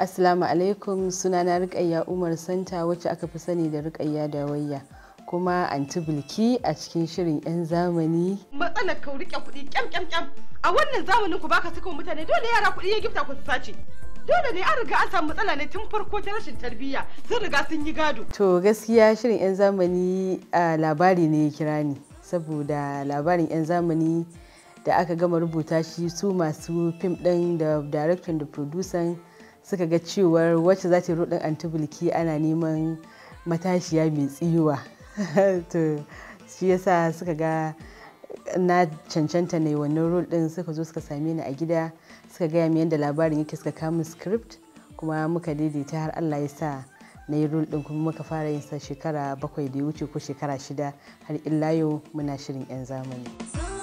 Assalamu alaikum sunana Rukayya Umar Santa wacce aka fi sani da Rukayya Dawayya kuma anti Bilki a cikin shirin 'yan zamani. Matsalar ka rike kuɗi kyam kyam kyam a wannan zamanin ku baka saka mutane dole yara kuɗi ya gifta ku sace. dole ne an riga an samu matsala ne tun farko ta rashin tarbiyya sun riga sun yi gado. To gaskiya shirin 'yan zamani labari ne ya kira ni saboda labarin 'yan zamani da aka gama rubuta shi su masu fim ɗin da director da producer suka ga cewar wacce za ta rudin antibulki ana neman matashiya mai tsiwa to shi yasa suka ga na cancanta ne wannan rol din suka zo suka same ni a gida suka gaya min yadda labarin yake suka kama script kuma muka daidaita har allah ya sa na yi rol din kuma muka fara yin sa shekara bakwai da ya wuce ko shekara shida har illa yau muna shirin 'yan zamani.